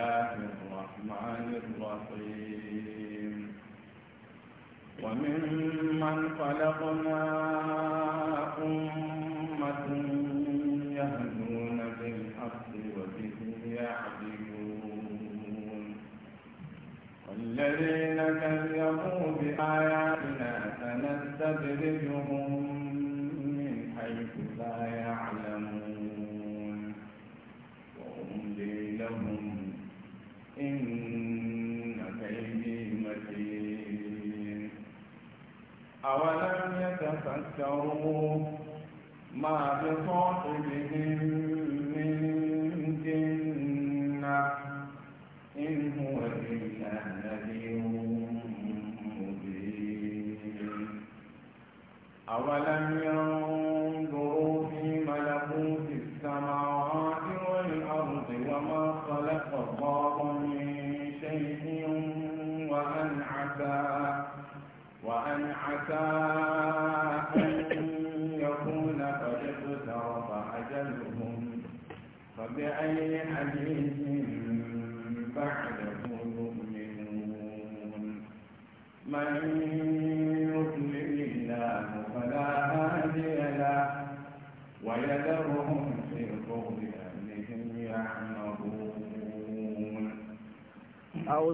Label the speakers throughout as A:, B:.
A: الله الرحمن الرحيم وممن خلقنا أمة يهدون بالحق وبه يعدلون والذين كذبوا بآياتنا سنستدرجهم كفروا ما بصاحبهم من جنة إن هو إلا نذير مبين أولم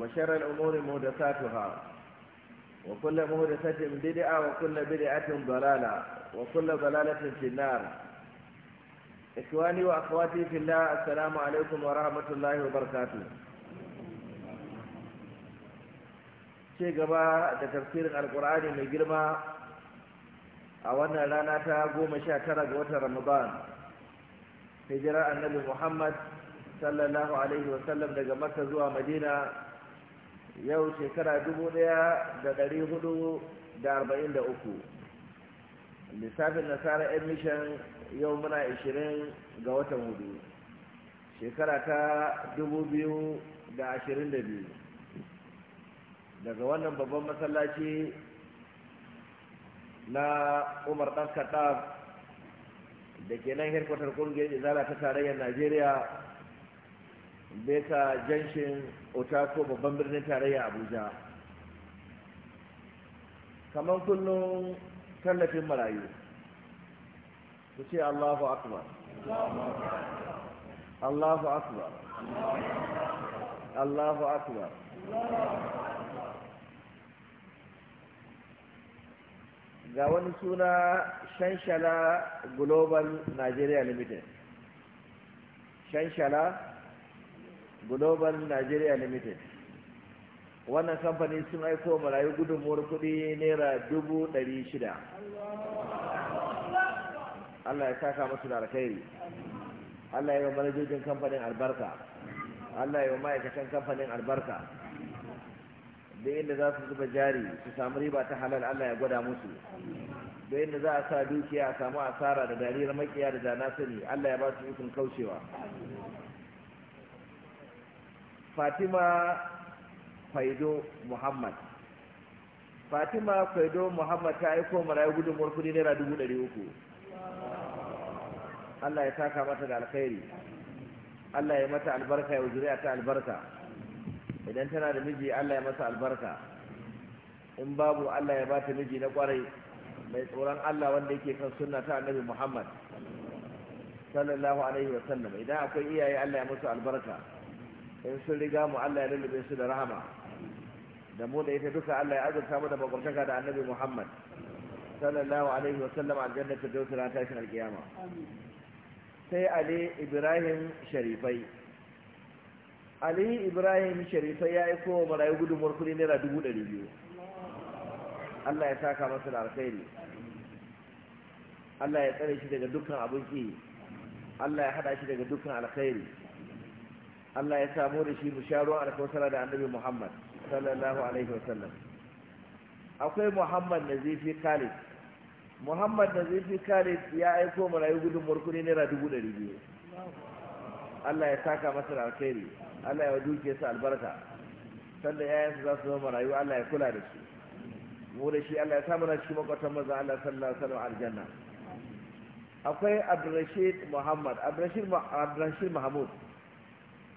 B: وشر الأمور مهدساتها وكل مهدسة بدعة وكل بدعة ضلالة وكل ضلالة في النار إخواني وأخواتي في الله السلام عليكم ورحمة الله وبركاته شيء gaba da tafsirin alkur'ani mai girma a wannan rana ta goma sha tara ga watan ramadan hijira annabi muhammad sallallahu alaihi daga makka zuwa madina yau shekara dubu ɗaya da dari hudu da arba'in da uku lissafin nasarar emission yau muna ishirin ga watan hudu shekara ta dubu biyu da ashirin da biyu daga wannan babban masallaci na umar ɗan kaɗaf da ke nan hirkwatar ƙungiyar izala ta tarayyar najeriya beka janshin otako babban birnin tarayya abuja kamar kullum tallafin marayu ku ce allahu akbar allahu akbar allahu akbar ga wani suna shanshala global nigeria limited shanshala global nigeria limited wannan kamfani sun aiko marayu gudunmuwar kudi naira dubu dari shida allah ya saka masu da alkhairi allah ya yi wa manajojin kamfanin albarka allah ya yi wa ma'aikatan kamfanin albarka da inda za su zuba jari su samu riba ta halal allah ya gwada musu da inda za a sa dukiya a samu asara da dariyar makiya da danasani allah ya ba su ikon kaucewa fatima faido muhammad fatima faido muhammad ta aiko marayu gudunmuwar kudi naira dubu ɗari uku allah ya saka mata da alkhairi allah ya mata albarka ya wujuriya ta albarka idan tana da miji allah ya mata albarka in babu allah ya ba ta miji na kwarai mai tsoron allah wanda yake kan sunna ta annabi muhammad sallallahu alaihi wasallam idan akwai iyaye allah ya musu albarka in sun riga mu Allah ya lullube su da rahama da mu da ita duka Allah ya azurta mu da makwabtaka da annabi Muhammad sallallahu alaihi wa sallam aljanna da dauki ran tashin alkiyama sai Ali Ibrahim Sharifai Ali Ibrahim Sharifai ya aiko wa marayu gudunmuwar kuɗi naira dubu ɗari biyu Allah ya saka masa da alkhairi Allah ya tsare shi daga dukkan abin ki Allah ya hada shi daga dukkan alkhairi Allah ya samu da shi musharuwa alkawasara da annabi Muhammad sallallahu alaihi wasallam akwai Muhammad na zifi Khalid Muhammad na zifi Khalid ya aiko marayu gudun murkuni naira dubu ɗari biyu Allah ya saka masa da alkhairi Allah ya duke su albarka sanda yayansu za su zama marayu Allah ya kula da su mu da shi Allah ya samu na cikin makwatan maza Allah sallallahu alaihi wasallam aljanna akwai Abdurrashid Muhammad Abdurrashid Abdurrashid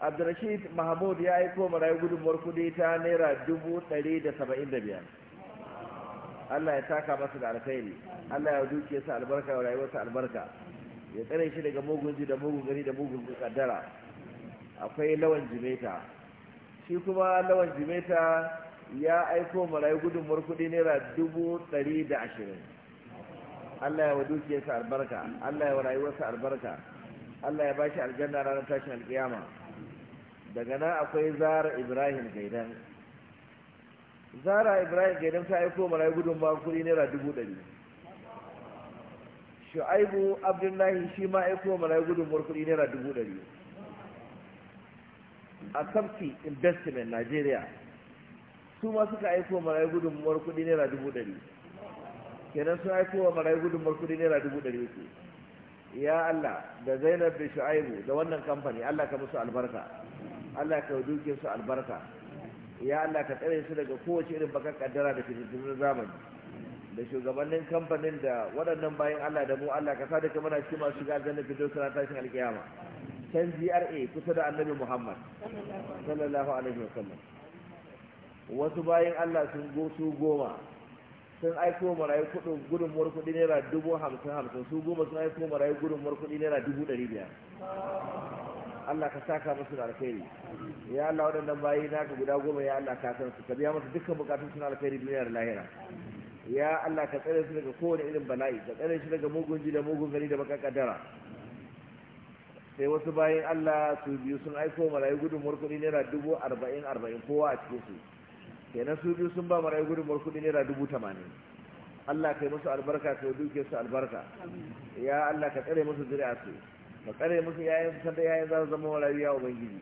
B: abdurrashid mahmud ya aiko rayu gudunmuwar kudi ta naira dubu ɗari da saba'in da biyar allah ya taka masa da alkhairi allah ya duke sa albarka ya rayuwarsa albarka ya tsare shi daga mugun ji da mugun gari da mugun kaddara akwai lawan jimeta shi kuma lawan jimeta ya aiko rayu gudunmuwar kudi naira dubu ɗari da ashirin allah ya wa dukiyarsa albarka allah ya wa rayuwarsa albarka allah ya ba shi aljanna ranar tashin alkiyama daga nan akwai zara ibrahim gaidan zara ibrahim gaidan ta aiko marayu gudun ba kuɗi naira dubu ɗari shu'aibu abdullahi shi ma aiko marayu gudun ba kuɗi naira dubu ɗari a kamfi investment nigeria su ma suka aiko marayu gudun ba kuɗi naira dubu ɗari kenan sun aiko wa marayu gudun ba kuɗi naira dubu ɗari uku ya Allah da Zainab da Shu'aibu da wannan kamfani Allah ka musu albarka Allah ka duke su albarka ya Allah ka tsare su daga kowace irin bakar kaddara da fitattun zamani da shugabannin kamfanin da waɗannan bayan Allah da mu Allah ka sada ka mana shi masu gajen da fito suna tashin alkiyama can GRA kusa da Annabi Muhammad sallallahu alaihi wasallam wasu bayan Allah sun go su goma sun aiko marayu kudin gudunmuwar kudi naira dubu hamsin hamsin su goma sun aiko marayu gudunmuwar kudi naira dubu ɗari biyar Allah ka saka musu da alkhairi ya Allah waɗannan bayi naka guda goma ya Allah ka san su ka biya musu dukkan bukatun su na alkhairi duniya da lahira ya Allah ka tsare su daga kowane irin bala'i ka tsare su daga mugun ji da mugun gari da baka kaddara sai wasu bayan Allah su biyu sun aiko marayu gudun murkuɗi naira dubu arba'in arba'in kowa a cikin su kenan su biyu sun ba marayu gudun murkuɗi naira dubu tamanin Allah kai musu albarka kai duke su albarka ya Allah ka tsare musu zuri'a su ka tsare musu yayin sanda yayin za su zama warabiya ubangiji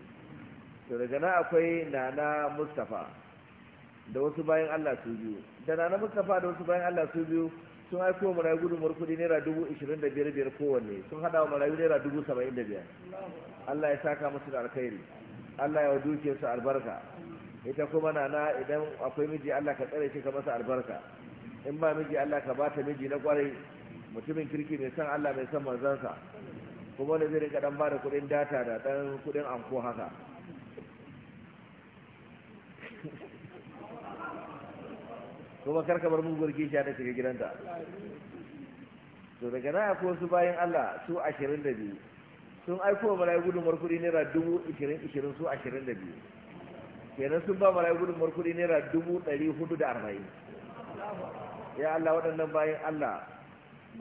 B: to daga nan akwai nana mustafa da wasu bayan allah su biyu da nana mustafa da wasu bayan allah su biyu sun aiko marayu gudunmuwar kudi naira dubu ishirin da biyar biyar kowanne sun hada wa marayu naira dubu saba'in da biyar allah ya saka musu da alkhairi allah ya duke su albarka ita kuma nana idan akwai miji allah ka tsare shi ka masa albarka in ba miji allah ka bata miji na kwarai mutumin kirki mai san allah mai san manzansa kuma wani zai rinka dan ba da kudin data da dan kudin anko haka kuma karka bar gurgi gishiya da shiga gidanta to daga na akwai su bayan Allah su ashirin da biyu sun aiko malai gudun kudi naira dubu ishirin su ashirin da biyu kenan sun ba malai gudun kudi naira dubu ɗari da arba'in ya Allah waɗannan bayan Allah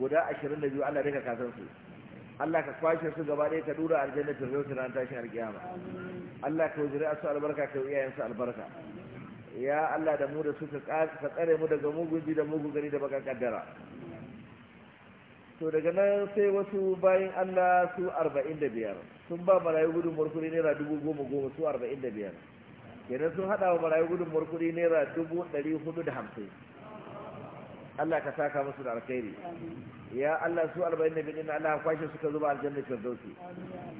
B: guda ashirin da biyu Allah daga kasansu Allah ka kwashe su gaba ɗaya ka dura aljanna ta zo tashi tashin alkiyama Allah ka wajira su albarka ka iyayen su albarka ya Allah da mu da su ka tsare mu daga mugun ji da mugun gari da baka kaddara to daga nan sai wasu bayan Allah su 45 sun ba marayu gudun murkuri naira dubu goma goma su 45 kenan sun hada wa marayu gudun murkuri naira dubu ɗari hudu da hamsin Allah ka saka musu da alkhairi ya Allah su arba'in da bin Allah kwashe suka zuba aljanna dauki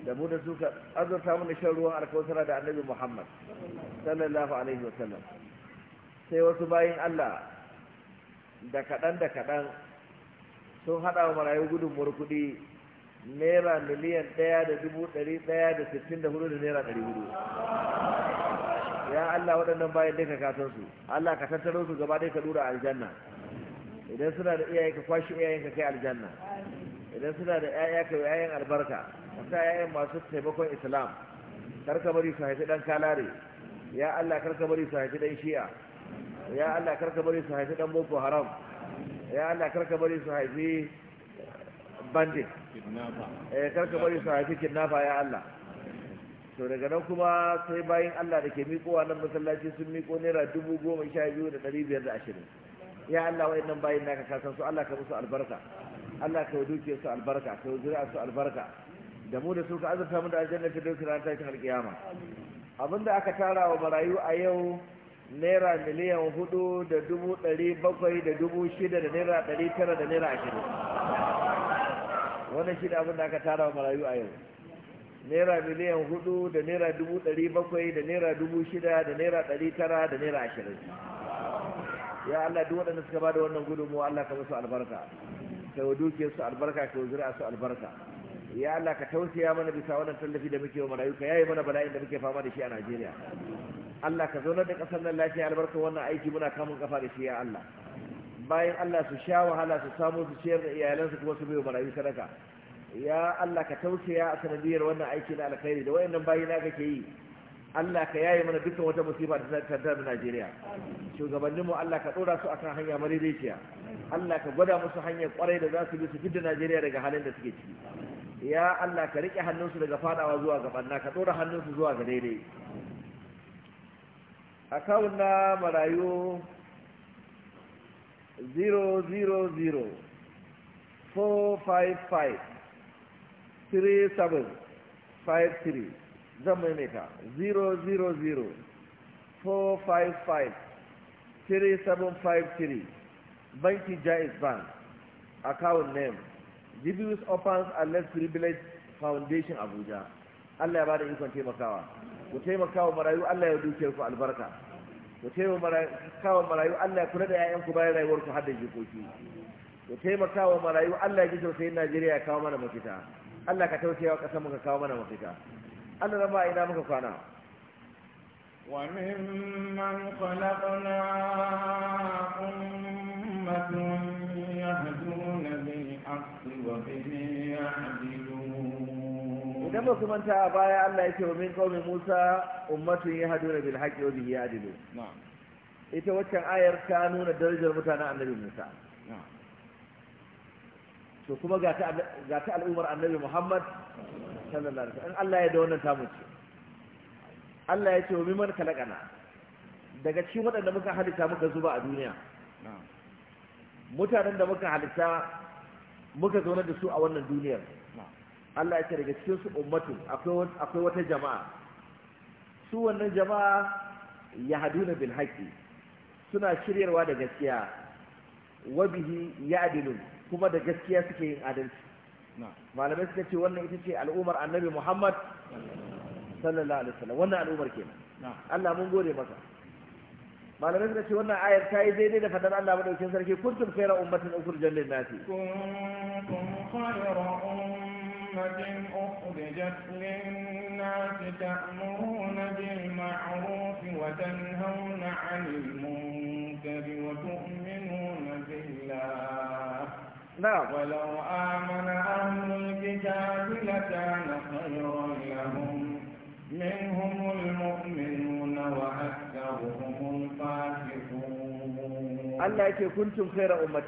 B: da mu da suka azurta mu da shan ruwan alkausara da annabi Muhammad sallallahu alaihi wa sallam sai wasu bayin Allah da kaɗan da kaɗan sun haɗa wa marayu gudun kuɗi naira miliyan ɗaya da dubu ɗaya da sittin da hudu da naira ɗari ya Allah waɗannan bayan dai ka katansu Allah ka tattaro su gaba dai ka dura aljanna idan suna da iyaye ka kwashi iyayen ka kai aljanna idan suna da iyaye ka ƴaƴan albarka ka sa ƴaƴan masu taimakon islam kar ka bari su haifi dan kalare ya Allah kar ka bari su haifi dan shi'a ya Allah kar ka bari su haifi dan boko haram ya Allah kar ka bari su haifi bandi eh kar ka bari su haifi kidnapper ya Allah to daga nan kuma sai bayin Allah da ke miƙo nan masallaci sun miƙo naira dubu goma sha biyu da ɗari biyar da ashirin ya Allah wa'in nan bayin naka kasan su Allah ka musu albarka Allah ka duke su albarka ka zuri'a su albarka da mu da su ka azurta mu da aljanna ta dauki ranar tashin alkiyama abinda aka tara wa marayu a yau naira miliyan hudu da dubu ɗari bakwai da dubu shida da naira ɗari tara da naira ashirin wannan shi da abinda aka tara wa marayu a yau naira miliyan hudu da naira dubu ɗari bakwai da naira dubu shida da naira ɗari tara da naira ashirin ya Allah duk waɗanda suka da wannan gudunmu Allah ka musu albarka ka wa duke su albarka ka wa su albarka ya Allah ka tausaya mana bisa wannan tallafi da muke wa marayu ka yayi mana bala'in da muke fama da shi a Najeriya Allah ka zaunar da ƙasar nan lafiya albarka wannan aiki muna kamun kafa da shi ya Allah bayan Allah su sha wahala su samu su ciyar da iyalansu kuma su bai wa marayu sadaka ya Allah ka tausaya a sanadiyar wannan aiki na alkhairi da wayannan bayi na kake yi Allah ka yaye mana dukkan wata musiba da ta tattar da Najeriya shugabanninmu Allah ka ɗora su akan hanya madaidaiciya Allah ka gwada musu hanyar kwarai da za su bi su fidda Najeriya daga halin da suke ciki ya Allah ka riƙe hannunsu daga fadawa zuwa ga banna ka ɗora hannunsu zuwa ga daidai akawun na marayu 000 455 3753 zan maimaita 000 455 3753 banki jais bank account name dubious opens and less privilege foundation abuja allah ya bada ikon taimakawa ku taimakawa marayu allah ya duke ku albarka ku taimakawa marayu allah ya kula da 'ya'yanku bayan rayuwar har da jikoki ku taimakawa marayu allah ya ji sosai najeriya ya kawo mana mafita allah ka tausaya wa ƙasar muka kawo mana mafita Allah rama ina muka kwana
A: وممن خلقنا أمة يهدون بالحق وبه يعدلون إنما ما
B: كنت الله يتوى من قوم موسى أمة يهدون بالحق وبه يعدلون نعم إذا وجدت آية ta nuna darajar mutanen annabi Musa to kuma ga ta al'ummar annabi Muhammad sallallahu alaihi wasallam Allah ya da wannan tamu Allah ya ce wa miman kalakana daga cikin waɗanda muka halitta muka zuba a duniya mutanen da muka halitta muka zaune da su a wannan duniyar Allah ya ce daga cikin su ummatu akwai wata jama'a su wannan jama'a ya haduna bil haqqi suna shiryarwa da gaskiya wabihi bihi ya'dilun kuma da gaskiya suke yin adalci malamai suka ce wannan ita ce al'umar annabi Muhammad sallallahu alaihi wasallam wannan al'umar kenan Allah mun gode masa malamai suka ce wannan ayar ta yi daidai da fadar Allah madaukakin sarki kuntum khayra ummatin ukhrijat lin nasi
A: kuntum khayra ummatin ukhrijat lin nasi ta'muruna bil ma'ruf wa tanhauna 'anil munkari wa tu'minuna نعم ولو آمن أهل الكتاب لكان خيرا لهم منهم المؤمنون وأكثرهم الفاسقون الله يكي
B: كنتم خير أمة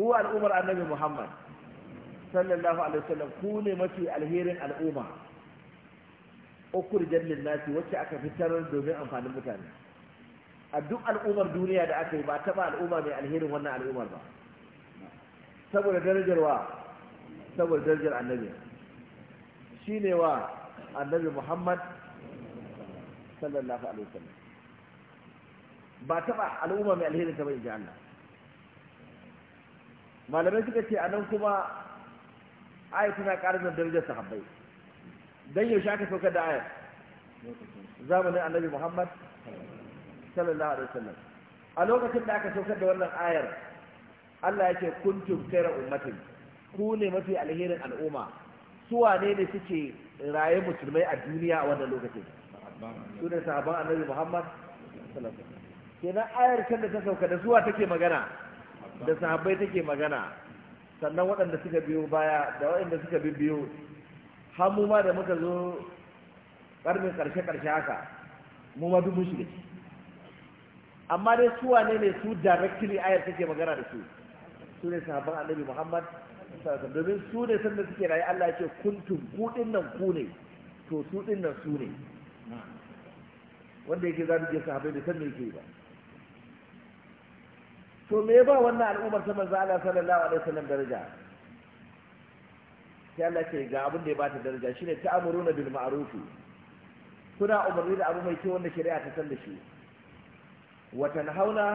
B: هو الأمر النبي محمد صلى الله عليه وسلم كوني مفي الهير الأمة أخرجت للناس وشأك في السر دومين أنفان المتاني a duk al'ummar duniya da aka yi ba taɓa al'umma mai alherin wannan al'ummar ba saboda darajar wa saboda darajar annabi shi ne wa annabi muhammad sallallahu alaihi wasallam ba ba al'umma mai alherin ta bai ji Allah malamai suka ce a nan kuma ayat tana karin da darajar sahabbai dan yaushe aka saukar da ayat zamanin annabi muhammad sallallahu alaihi wasallam a lokacin da aka saukar da wannan ayar Allah ya yake kuntum kaira ummatin ku ne mafi alherin al'umma su wane ne suke raye musulmai a duniya a wannan lokacin su ne sahaban annabi Muhammad sallallahu alaihi wasallam kenan ayar kan da ta sauka da suwa take magana da sahabbai take magana sannan waɗanda suka biyo baya da waɗanda suka bibiyo har mu ma da muka zo ƙarfin ƙarshe-ƙarshe haka mu ma duk mun shiga amma dai su wane ne su directly ayar take magana da su su ne sahabban annabi muhammad domin su ne sannan suke rayu allah ce kuntum ku din nan ku ne to su din nan su ne wanda yake za mu je sahabai da sannan me yake ba to me ba wannan al'ummar ta manzo Allah sallallahu alaihi wasallam daraja sai Allah ce ga abin da ya bata daraja shine ta'muruna bil ma'ruf kuna umarni da abu mai kyau wanda shari'a ta san da shi wa tanhauna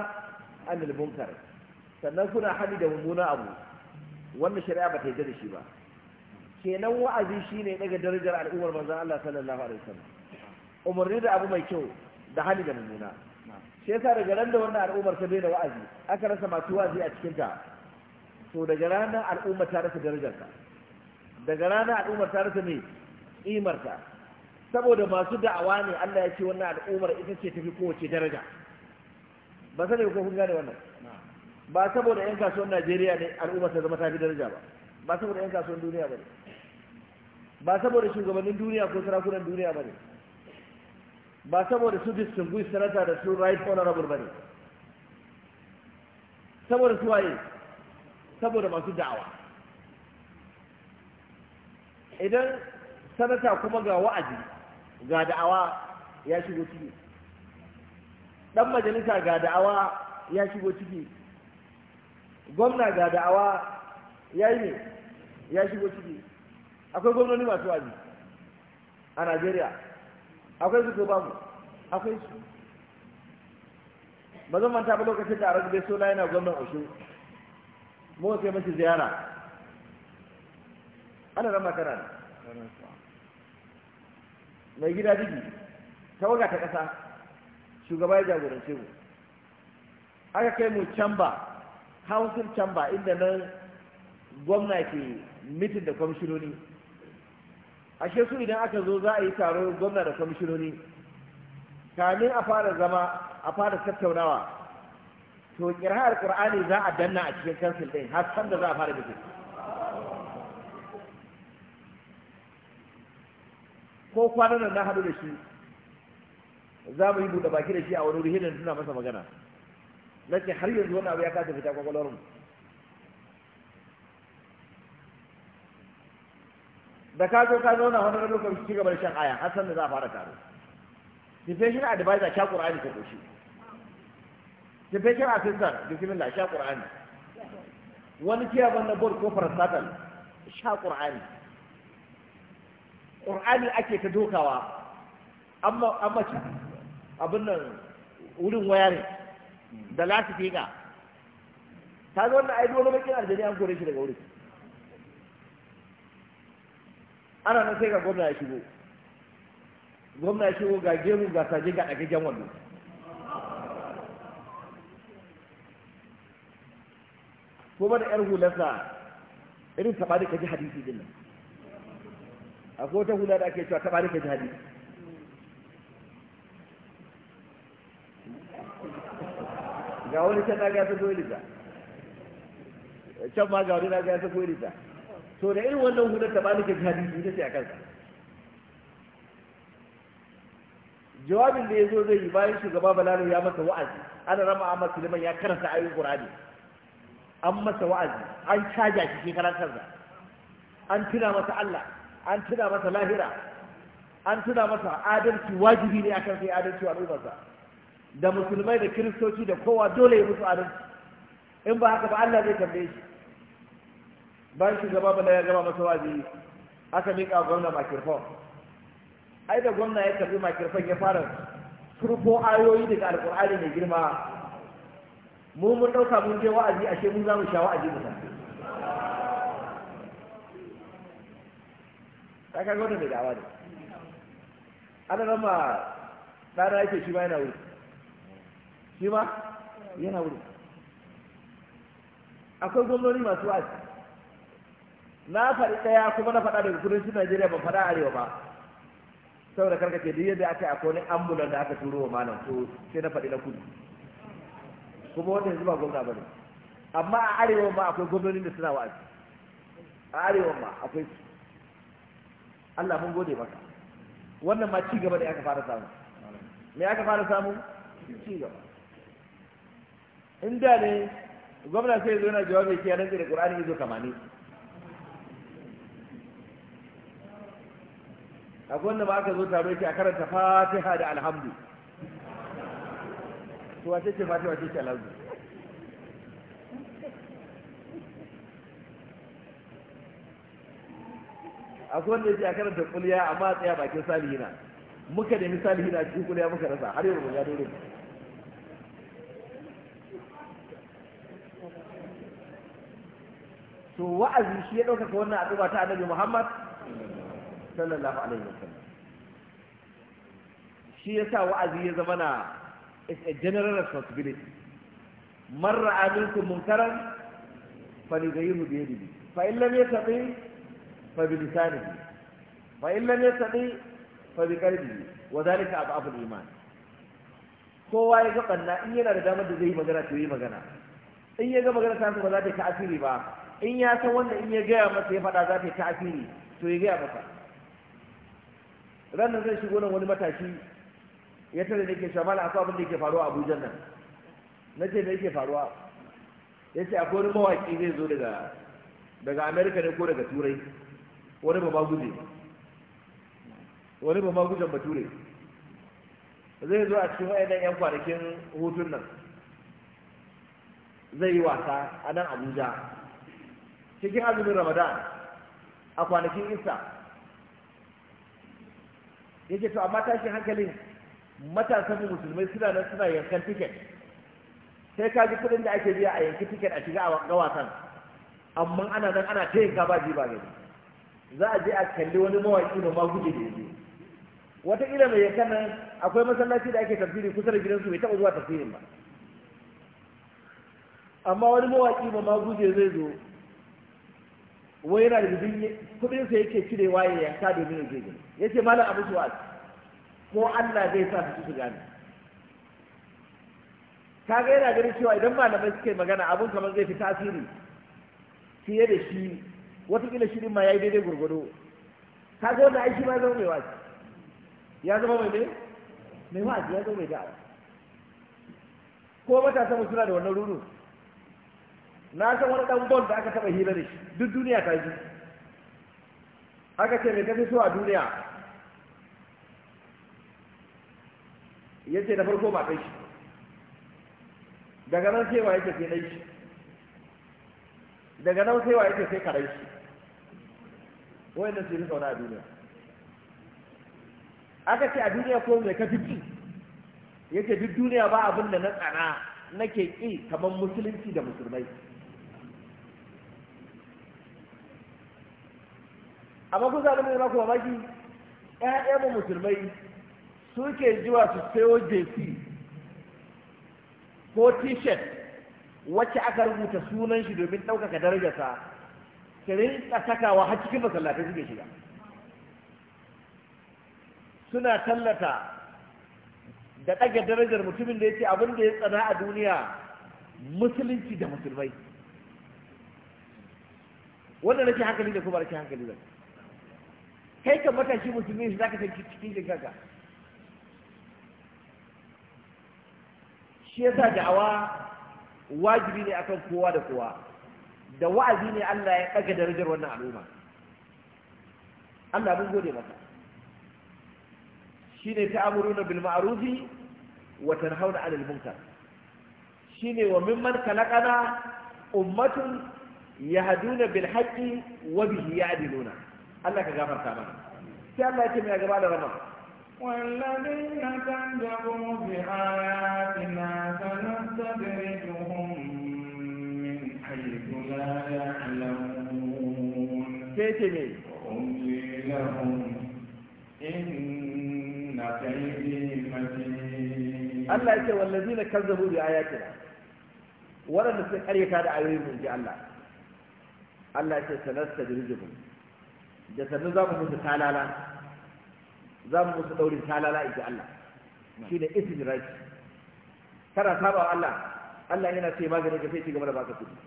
B: anil munkar sannan kuna hannu da mummuna abu wannan shari'a ba ta yi da shi ba kenan wa'azi shine daga darajar al'ummar manzan Allah sallallahu alaihi wasallam umarni da abu mai kyau da hannu da mummuna shi yasa daga ran da wannan al'ummar ta daina wa'azi aka rasa masu wa'azi a cikin ta to daga ranar al'ummar ta rasa darajarta daga ranar al'ummar ta rasa mai imarta saboda masu da'awa ne Allah ya ce wannan al'ummar ita ce tafi kowace daraja ba sai ko kun gane wannan ba saboda 'yan kasuwan najeriya ne al'umma ta zama tafi daraja ba ba saboda 'yan kasuwan duniya ba ne ba saboda shugabannin duniya ko sarakunan duniya ba ne ba saboda su distinguish sanata da su right honorable ba ne saboda su waye saboda masu da'awa idan sanata kuma ga wa'azi ga da'awa ya shigo ciki dan majalisa ga da'awa ya shigo ciki gwamna ga da'awa ya yi ne ya shigo ciki akwai gwamnoni masu waje a najeriya akwai su ko babu akwai su ba zan manta ba lokacin da arabu so na yana gwamnan osho mu sai mace ziyara ana rama kana ne mai gida digi waga ta ƙasa shugaba ya jagorance mu aka kai mu can ba council chamber inda nan gwamna ke mitin da kwamishinoni ashe su idan aka zo za a yi taro gwamna da kwamishinoni kamin a fara zama a fara tattaunawa to kirhar qur'ani za a danna a cikin council din har san da za a fara mitin ko kwanan nan na haɗu da shi za mu yi buɗe baki da shi a wani wuri hidin suna masa magana na ce har yanzu wani abu ya kasa fita kwakwalwar mu da ka zo ka zauna wani rabu ka ci gaba da shan aya har san da za a fara taro defection advisor sha qur'ani ka koshi defection assistant bismillah sha qur'ani wani ciyaban na board ko parastatal sha qur'ani qur'ani ake ta dokawa amma amma abin nan wurin waya ne da fiƙa ta zo wannan aido wani bakin aljani an kore shi daga wuri ana nan sai ga gwamna ya shigo gwamna ya shigo ga gemu ga saje ga ɗagagen wando kuma da 'yar hularsa irin taɓa da kaji hadisi din nan akwai wata hula da ake cewa taɓa da kaji hadisi ga wani can na ga ta koyi lita can ma ga wani na ga ta koyi lita to da irin wannan hudar ta malika hadisi ta ce a kansa jawabin da ya zo zai yi bayan shugaba balalo ya masa wa'azi ana rama masu liman ya karanta ayin ƙur'ani. an masa wa'azi an caja shi shekarar kansa an tuna masa Allah an tuna masa lahira an tuna masa adalci wajibi ne a kan sai adalci al'ummarsa da musulmai da kiristoci da kowa dole ya musu adalci in ba haka ba Allah zai tambaye shi bayan shugaba bala ya gama masa wazi aka miƙa gwamna makirfon ai da gwamna ya karbi makirfon ya fara turko ayoyi daga alkur'ani mai girma mu mun ɗauka mun je wa'azi ashe mun za mu sha wa'azi mu ta ka gwada mai dawa ne ana nan ma ɗana yake shi ma yana wuri shi ba yana wuri akwai gwamnoni masu wa'azi na faɗi ɗaya kuma na faɗa daga kudancin najeriya ban faɗa arewa ba saboda karkace duk yadda aka yi a kone ambulan da aka turo wa malam to sai na faɗi na kudu kuma wanda yanzu ba gwamna ba ne amma a arewa ma akwai gwamnoni da suna wa'azi a arewa ma akwai su Allah mun gode maka wannan ma ci gaba da aka fara samu me aka fara samu ci gaba in da ne gwamna sai zo na jawabi ke nan da qur'ani yazo kamani akwai wanda ba aka zo taro yake a karanta fatiha da alhamdu to wace ce fatiha wace ce alhamdu akwai wanda yake a karanta kulya amma tsaya bakin salihina muka nemi salihina cikin kulya muka rasa har yau ya dole to wa'azi shi ya ɗaukaka wannan al'umma ta annabi Muhammad sallallahu alaihi wasallam shi ya sa wa'azi ya zama na it's a general responsibility man ra'a minkum munkaran falyughayyirhu bi yadihi fa in lam yastati fa bi lisanihi fa in lam yastati fa bi qalbihi wa dhalika adhafu al-iman kowa ya ga banna in yana da damar da zai yi magana to yi magana in ya ga magana ta ba za ta yi asiri ba in ya san wannan in ya gaya masa ya faɗa za ta yi ta'afiri to ya gaya masa ranar zai shigo nan wani matashi ya tare da ke shamala akwai abin da ke faruwa abuja nan na ce da yake faruwa ya ce akwai wani mawaƙi zai zo daga daga amerika ne ko daga turai wani ba maguje wani ba magujen bature zai zo a cikin wa'annan yan kwanakin hutun nan zai yi wasa a nan abuja cikin azumin ramadan a kwanakin isa ce to amma tashin hankalin matasan musulmai suna nan suna yankan tiket sai ka ji kudin da ake biya a yanki tiket a shiga a gawasan amma ana nan ana ta yanka ba ji ba gani za a je a kalli wani mawaƙi na ma guje da yanzu wataƙila mai yankan nan akwai masallaci da ake tafsiri kusa da gidansu bai taɓa zuwa tafsirin ba amma wani mawaƙi ma ma guje zai zo wai yana da bibin kudin sa yake cire waye ya Ta domin ya gani yace malam abu su'ad ko Allah zai sa su su gane kaga yana ganin cewa idan malamai suke magana abun kamar zai fi tasiri fiye da shi watakila shirin ma ya yi daidai gurgudu kaga wanda ai shi ma zama mai wasi ya zama mai ne mai wasi ya zama mai da'a ko matasa mu suna da wannan ruru na san wani dan bond da aka taba hira da shi duk duniya ta ji aka ce me kafi so a duniya yace da farko ba kai shi daga nan sai wa yake sai dai shi daga nan sai wa yake sai karai shi wanda su yi sauna a duniya aka ce a duniya ko me kafi ci yake duk duniya ba abin da na tsana nake ƙi kamar musulunci da musulmai amma kun zaɓi ne ku mamaki ƴaƴan musulmai suke zuwa su sayo jesi ko t-shirt wacce aka rubuta sunan shi domin ɗaukaka darajarsa su rinka sakawa har cikin masallatai suke shiga suna tallata da ɗaga darajar mutumin da ya ce abin da ya tsana a duniya musulunci da musulmai wannan rashin hankali da kuma rashin hankali da kai ka matashi musulmi shi zaka tafi cikin jikarka shi yasa da'awa wajibi ne akan kowa da kowa da wa'azi ne Allah ya ɗaga darajar wannan al'umma Allah mun gode masa shine ta'amuruna bil ma'rufi wa tanhauna 'anil munkar shine wa mimman khalaqana ummatun yahduna bil haqqi wa bihi ya'diluna Allah ka gafarta mana sai Allah yake mai gaba da rama
A: walladina kadabu bi ayatina sanastadrijuhum min haythu la ya'lamun ce me umli lahum inna kaydi matin Allah
B: yake walladina kadabu bi ayatina waɗanda suka karyata da ayoyin mun ji Allah Allah ya ce sanasta dirijin da sannan za mu musu talala za mu musu daurin talala inji Allah shi ne Jirai kana saba wa Allah Allah yana ce maganin ka sai ci gaba da baka kuɗi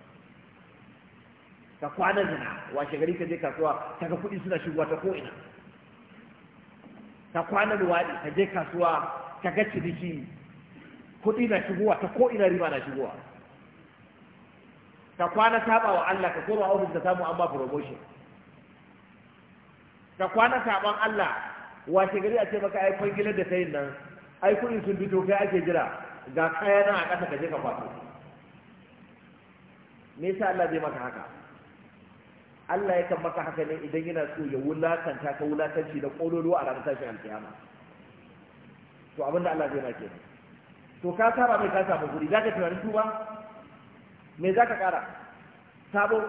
B: ka kwana zina washe gari ka je kasuwa ka ga kuɗi suna shigowa ta ko'ina ka kwana luwaɗi ka je kasuwa ka ga ciniki kuɗi na shigowa ta ko'ina riba na shigowa ka kwana saba wa Allah ka koma ofis ka samu an ba promotion ka kwana saban Allah wace gari a ce maka ai kwangilar da sayin nan ai kudin sun fito kai ake jira ga kaya nan a ƙasa ka je ka kwato me yasa Allah zai maka haka Allah yakan maka haka ne idan yana so ya wulakanta ka wulakanci da kololo a ranar tashin alkiyama to abin da Allah zai na kenan to ka saba mai ka samu guri zaka tunanin tuba me zaka kara sabo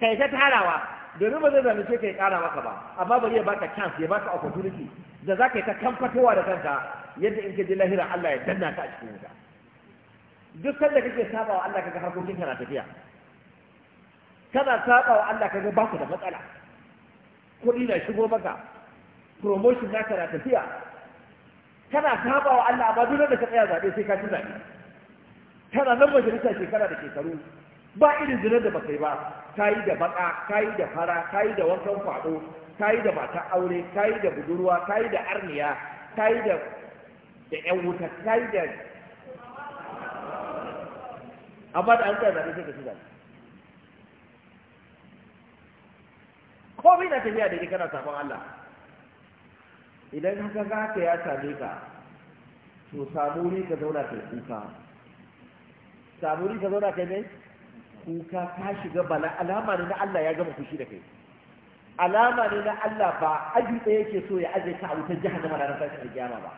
B: kai ta tarawa domin ba zai zalunce ka ya ƙara maka ba amma ba ya baka chance ya baka opportunity da za ka yi ta kamfatowa da kanka yadda in ka ji lahira Allah ya danna ka a cikin wuta duk sanda kake saba wa Allah kaga harkokin na tafiya kana saba wa Allah kaga ba ku da matsala kuɗi na shigo maka promotion naka na tafiya kana saba wa Allah amma duk da ka tsaya zaɓe sai ka ci zaɓe kana nan majalisa shekara da shekaru ba irin zinar da baka yi ba ka yi da baka ka yi da fara ka yi da wankan kwado ka yi da mata aure ka yi da budurwa ka yi da arniya ka yi da da yan wuta ka yi da amma da an tsaya zaɓe shi da ci komai na tafiya da kana sabon Allah idan haka ga ka ya same ka to samu ne ka zauna ka yi kuka samu ne ka zauna ka yi kuka ka shiga bala alama ne na Allah ya gama fushi da kai alama ne na Allah ba aji ɗaya yake so ya aje ta a wutar da ranar ta kiyama ba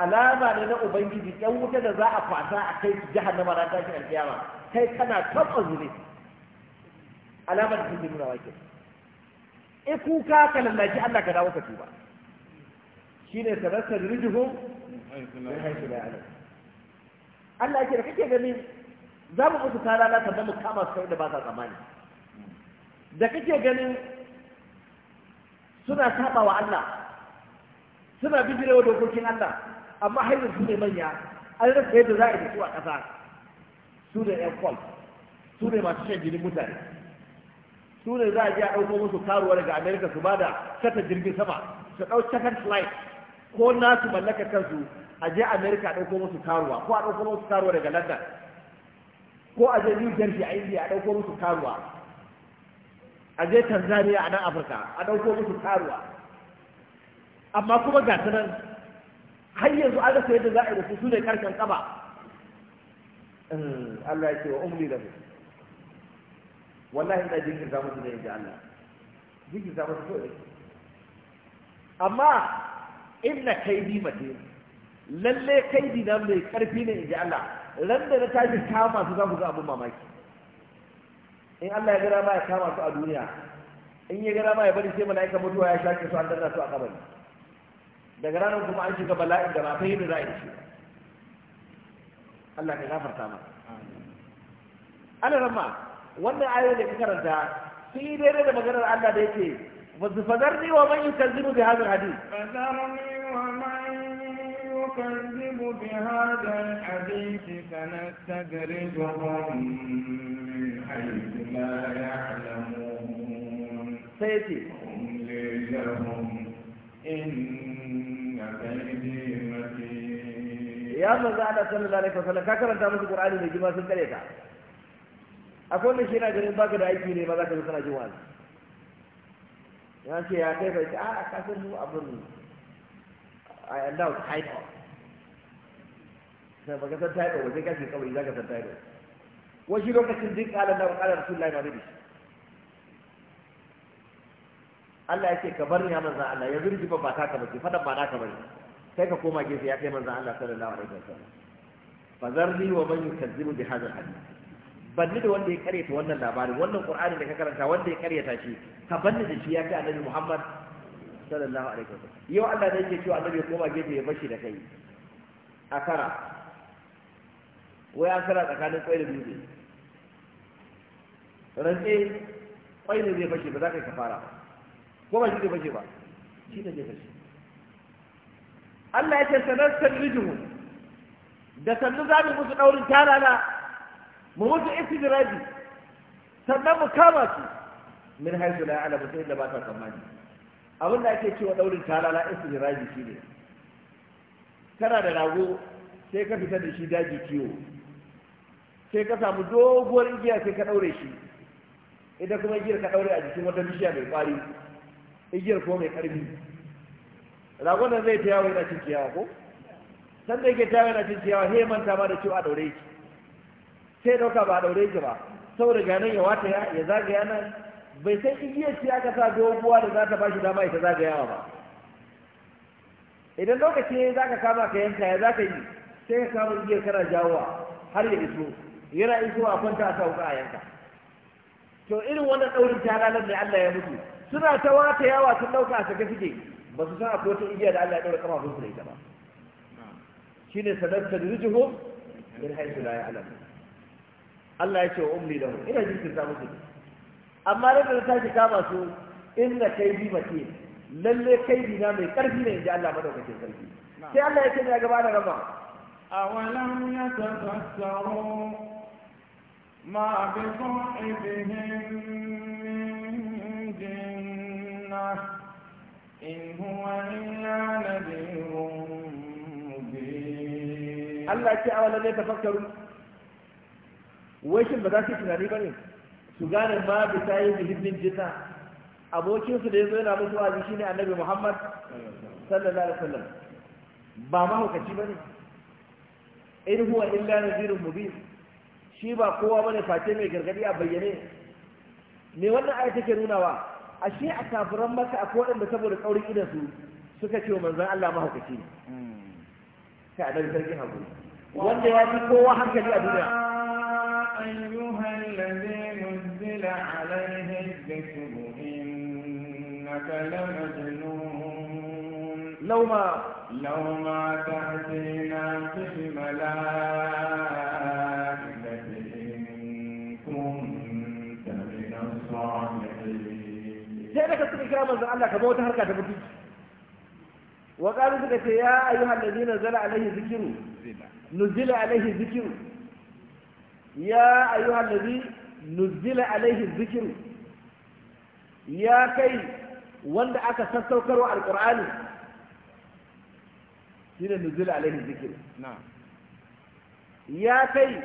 B: alama ne na ubangiji yan wuta da za a kwasa a kai su da ranar ta kiyama kai kana taɓa zure alamar da sun nuna wake e kuka ka lallaki Allah ka dawo ka tuba shine ne rijuhum
A: min
B: Allah yake da kake ganin za mu musu ta rana ta mu kama su da ba sa tsammani da kake ganin suna saba wa Allah suna wa dokokin Allah amma haizar su ne manya an rasa yadda za a yi su a ƙasa su ne yan kwal su ne masu shan jinin mutane su ne za a je a ɗauko musu karuwa daga amerika su ba da kata jirgin sama su ɗau second flight ko nasu mallaka kansu a je amerika a ɗauko musu karuwa ko a ɗauko musu karuwa daga london ko a je new jersey a india a ɗauko musu karuwa a je tanzania a nan afirka a ɗauko musu karuwa amma kuma ga ta nan har yanzu an rasa yadda za a yi da su ne karshen kaba eh, Allah ya ce wa umri da wallahi ina jinkirta musu da yanzu Allah jirgin musu so ne amma inna kaidi mace lalle kaidi na mai karfi ne inji Allah ran na tashi kama su za ku ga abin mamaki in Allah ya gara ma ya kama su a duniya in ya gara ma ya bari sai mala'ika mutuwa ya shaƙe su an danna su a kabari daga ranar kuma an shiga bala'in da ba ta yi da yi shi Allah ka gafarta ma ana rama wannan ayoyi da ka karanta sun yi daidai da maganar Allah da yake فذرني ومن يكذب بهذا الحديث
A: فذرني ومن يكذب بهذا الحديث سنستدرجهم من حيث لا يعلمون سيتي أملي لهم إن كيدي متين يا
B: من زعل صلى الله عليه وسلم كاكرا تامس القرآن من جماعة سنكريتا أقول لك شيء أجل باكر أيكي لي ماذا كنت سنة جوال ya ce ya kai bai ta a kasar mu abin I allowed high up sai baka san tayi ba sai ka shiga kabari zaka san tayi ba wani lokacin din kala da kala rasulullahi ba zai Allah yake ka bar ni ya manzan Allah ya rufi ba ta ka bace fadan ba na ka bari sai ka koma gefe ya kai manzan Allah sallallahu alaihi wasallam fa zarni wa man yukazzibu bi hadha al-hadith banni da wanda ya karyata wannan labarin wannan qur'ani da ka karanta wanda ya karyata shi ka banni da shi ya kai annabi Muhammad sallallahu alaihi wasallam yau Allah ne yake cewa annabi ya koma gefe ya bashi da kai akara wai an kara tsakanin kwai da dutse rantse kwai ne zai fashe ba za ka yi kafara ba ko ba shi zai fashe ba shi ne zai fashe Allah ya ce sanar sarrijuhu da sannu za mu musu ɗaurin talala mu musu raji sannan mu kama su min haisu na ala sai da ba ta tsammani abin da ake cewa ɗaurin talala shi shine kana da rago sai ka fita da shi daji kiwo sai ka samu doguwar igiya sai ka ɗaure shi idan kuma igiyar ka ɗaure a jikin wata bishiya mai ƙwari igiyar ko mai ƙarfi ragon nan zai ta yawo yana cin ciyawa ko san da yake ta yawo yana cin ciyawa he manta ma da cewa ɗaure shi sai ɗauka ba a ɗaure shi ba saboda ganin ya wata ya zagaya nan bai san igiyar ce aka sa doguwa da za ta ba shi dama ita zagayawa ba idan lokaci za ka kama ka yanka ya za ka yi sai ka kama igiyar kana jawowa har ya iso yana isowa a kwanta a wuka a yanka to irin wannan ɗaurin ranar ne Allah ya mutu suna ta wata yawa sun ɗauka a saka suke ba su san akwai wata igiya da Allah ya ɗaura kafafun su da ita ba shine sadaqatu rijhum min haythu la ya'lamu Allah ya ce wa umli lahu ina jinkirta musu amma da ta ke kama su kai bi matin lalle kai bi na mai karfi ne inji Allah madaukakin sarki sai Allah ya ce ya gaba da gaba
A: awalam yatafakkaru ما بصاحبهم من جنة إن هو إلا نذير
B: fakkaru. Wai shin ba za su yi tunani ne? su gane ma bi yi muhimmin jinna Abokinsu da da zo yana musu wazi shine annabi Muhammad sallallahu alaihi wasallam ba mahaukaci ba ne. in huwa illa nadhirun mubin shi ba kowa bane face mai gargadi a bayyane me wannan aya take nunawa ashe a kafiran maka akwai wadanda saboda kaurin idan su suka ce manzon Allah mahaukaci ne kai annabi sarki hakuri
A: wanda ya fi kowa hankali a duniya ayyuha allazi nuzila alaihi dhikru innaka lamajnun law ma law ma ta'tina fil malaa'ikati
B: da ka suka kira manzon Allah ba wata harka ta mutunci wa qalu suka ce ya ayyuhal allazina zala alaihi zikru nuzila alaihi zikru ya ayyuhal allazi nuzila alaihi zikru ya kai wanda aka sassaukarwa alqur'ani shine nuzila alaihi zikru na'am ya kai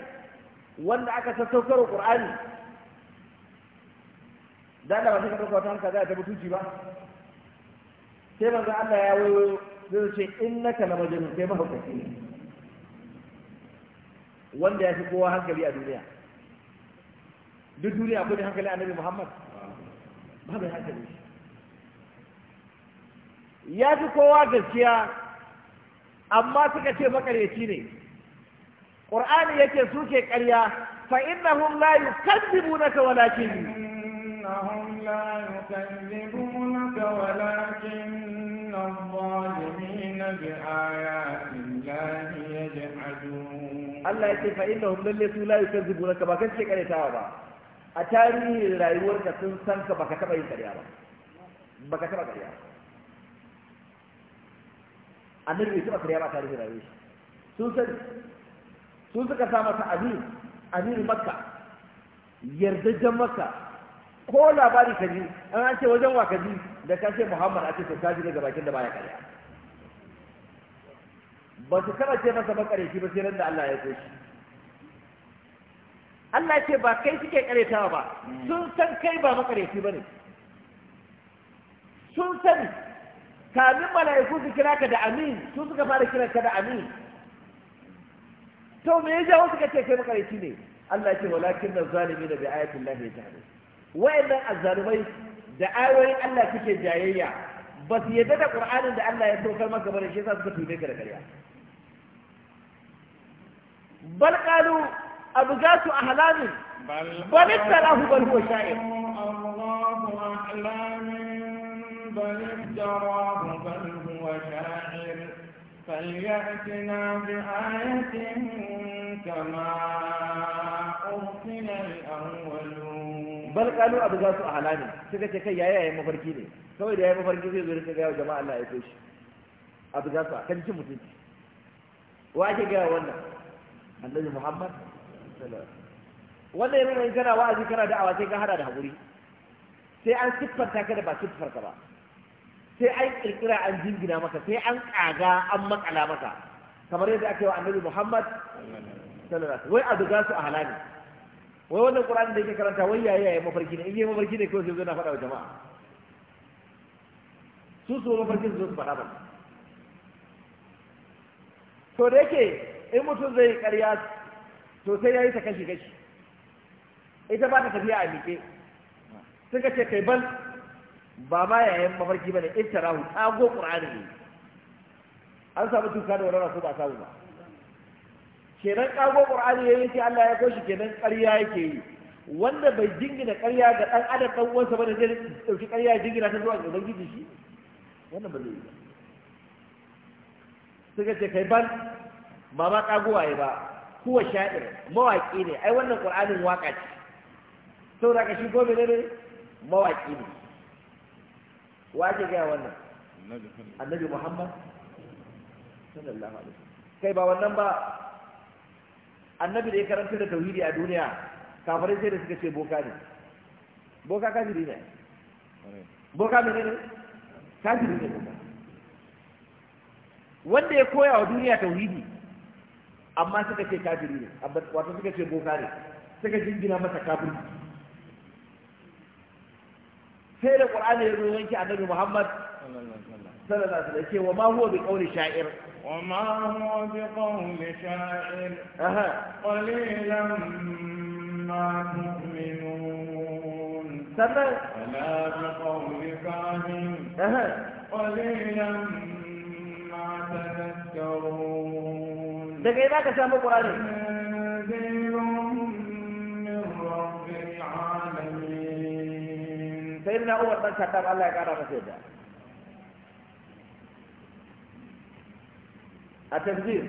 B: wanda aka sassaukarwa alqur'ani da Allah ba sai ka ɗauka wata hanka za a ta mutunci ba sai manzon Allah ya wayo zai ce innaka la majnun kai mahaukaci ne wanda ya fi kowa hankali a duniya duk duniya akwai da hankali annabi Muhammad ba mai hankali ya fi kowa gaskiya amma suka ce makareci ne ƙur'ani yake suke ƙarya fa innahum la yukadzibunaka walakin
A: إنهم لا يكذبونك ولكن الظالمين بآيات الله يجحدون الله يقول فإنهم للسوا
B: لا يكذبونك ما كنت شكرا ba. a tarihin rayuwarka sun san ka baka taba yin ƙarya ba baka taba ƙarya annabi bai taba ƙarya ba a tarihin rayuwar shi sun san sun suka sa masa amir amir makka yardajjen makka ko labari ka ji an ce wajen wa ka ji da ka ce muhammad a ce to kaji daga bakin da baya karya ba su kama ce masa makareci ba sai nan da Allah ya so shi Allah ce ba kai suke karetawa ba sun san kai ba makareci ba ne sun sani kamin mala'iku su kira ka da amin su suka fara kiran ka da amin to me ya jawo suka ce kai makareci ne Allah ce walakin na zalimi da bi ayatin lahi ya jahilun wa'annan azzalumai da ayoyin Allah suke jayayya ba su yadda da Qur'anin da Allah ya saukar maka bane shi yasa suka tume ka da ƙarya bal qalu abgasu ahlamin bal talahu bal huwa sha'ir
A: Allahu ahlamin bal tarahu bal huwa sha'ir فليأتنا بآية كما bal kalu abu za
B: su a halani suka ce kai yaya yayin mafarki ne kawai da yayi mafarki zai zo rika gaya jama'a Allah ya kai shi abu za su a kan cin mutunci wa ake gaya wannan annabi Muhammad wannan ya nuna kana wa'azi kana da'awa sai ka hada da hakuri sai an siffanta ka da ba ka ba sai an kirkira an jingina maka sai an kaga an makala maka kamar yadda aka yi wa annabi Muhammad sallallahu alaihi wasallam wai abu za su a halani wai wannan qur'ani da yake karanta wai yaya yaya mafarki ne in yi mafarki ne kawai sai zo na faɗa wa jama'a su su mafarki su zo su faɗa ba to da yake in mutum zai ƙarya to sai ya yi ta kashi kashi ita ba ta tafiya a miƙe
C: suka ce kai ban
B: ba ma yayan mafarki ba ne rahu, tsago ƙur'ani ne an samu tuka da wadana rasu ba samu ba kenan kago qur'ani yayin sai Allah ya koshi kenan ƙarya yake yi wanda bai jingina ƙarya ga dan adam dan uwansa da zai dauki ƙarya jingina ta zuwa ga ubangiji shi wannan ba zai yi ba suka ce kai ban ba ma kagowa ba kuwa sha'ir mawaki ne ai wannan qur'anin waka ce saboda ka shi ko ne mawaki ne wa ga gaya wannan annabi muhammad sallallahu alaihi wasallam kai ba wannan ba annabi da ya karanta da tauhidi a duniya kafirai sai da suka ce boka ne boka kafiri ne boka mene ne kafiri ne boka wanda ya koya wa duniya tauhidi amma suka ce kafiri ne wato suka ce boka ne suka jingina masa kafiri sai da ƙur'ani ya zo yanki annabi muhammad sallallahu alaihi wasallam wa ma huwa bi qawli sha'ir
A: وما هو بقول شاعر قليلا ما تؤمنون ولا بقول كاهن قليلا ما تذكرون ده كده كده سامو قرآن تنزيل من رب العالمين سيدنا
B: أول من كتب الله يقرأ سيدنا a takbir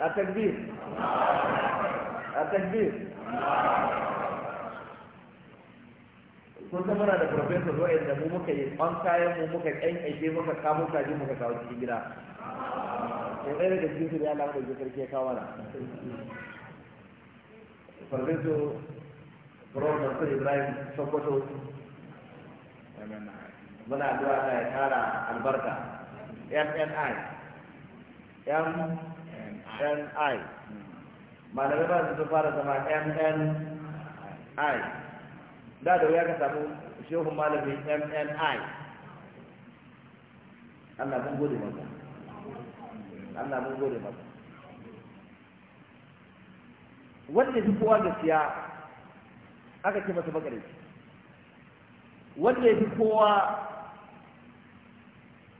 C: a takbir a takbir
B: kun san muna da professor da mu muka yi an kayan mu muka kyankyashe muka kamo kaji muka kawo cikin gida ko ɗaya daga cikin su da yana mai sarki ya kawo na professor Prof. Dr. Ibrahim Sokoto muna addu'a ya kara albarka mni mni mana ba su sun fara zama mni da da wuya ka samu shehun malami mni Allah mun gode maka Allah mun gode maka wanda ya fi kowa gaskiya aka ce masa bakare wanda ya fi kowa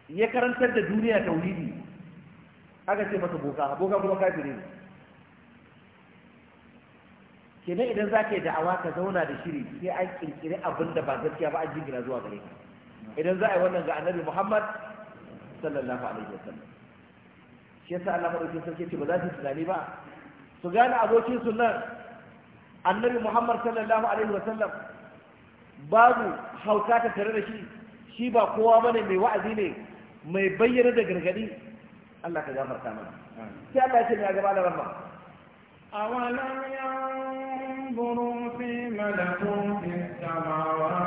B: ya karantar da duniya tauhidi aka ce masa boka boka kuma kafiri ne kenan idan za ka yi da'awa ka zauna da shiri sai an kirkiri abin da ba gaskiya ba an jingina zuwa gare ka idan za a yi wannan ga annabi muhammad sallallahu alaihi wasallam shi yasa Allah madaukakin sarki ce ba za su tunani ba su gane abokin sunan annabi muhammad sallallahu alaihi wasallam babu hauka ta tare da shi shi ba kowa bane mai wa'azi ne mai bayyana da gargadi Allah ka gafarta mana sai Allah ya ce ya gaba da
A: awalan yan yanzuru fi fi samawa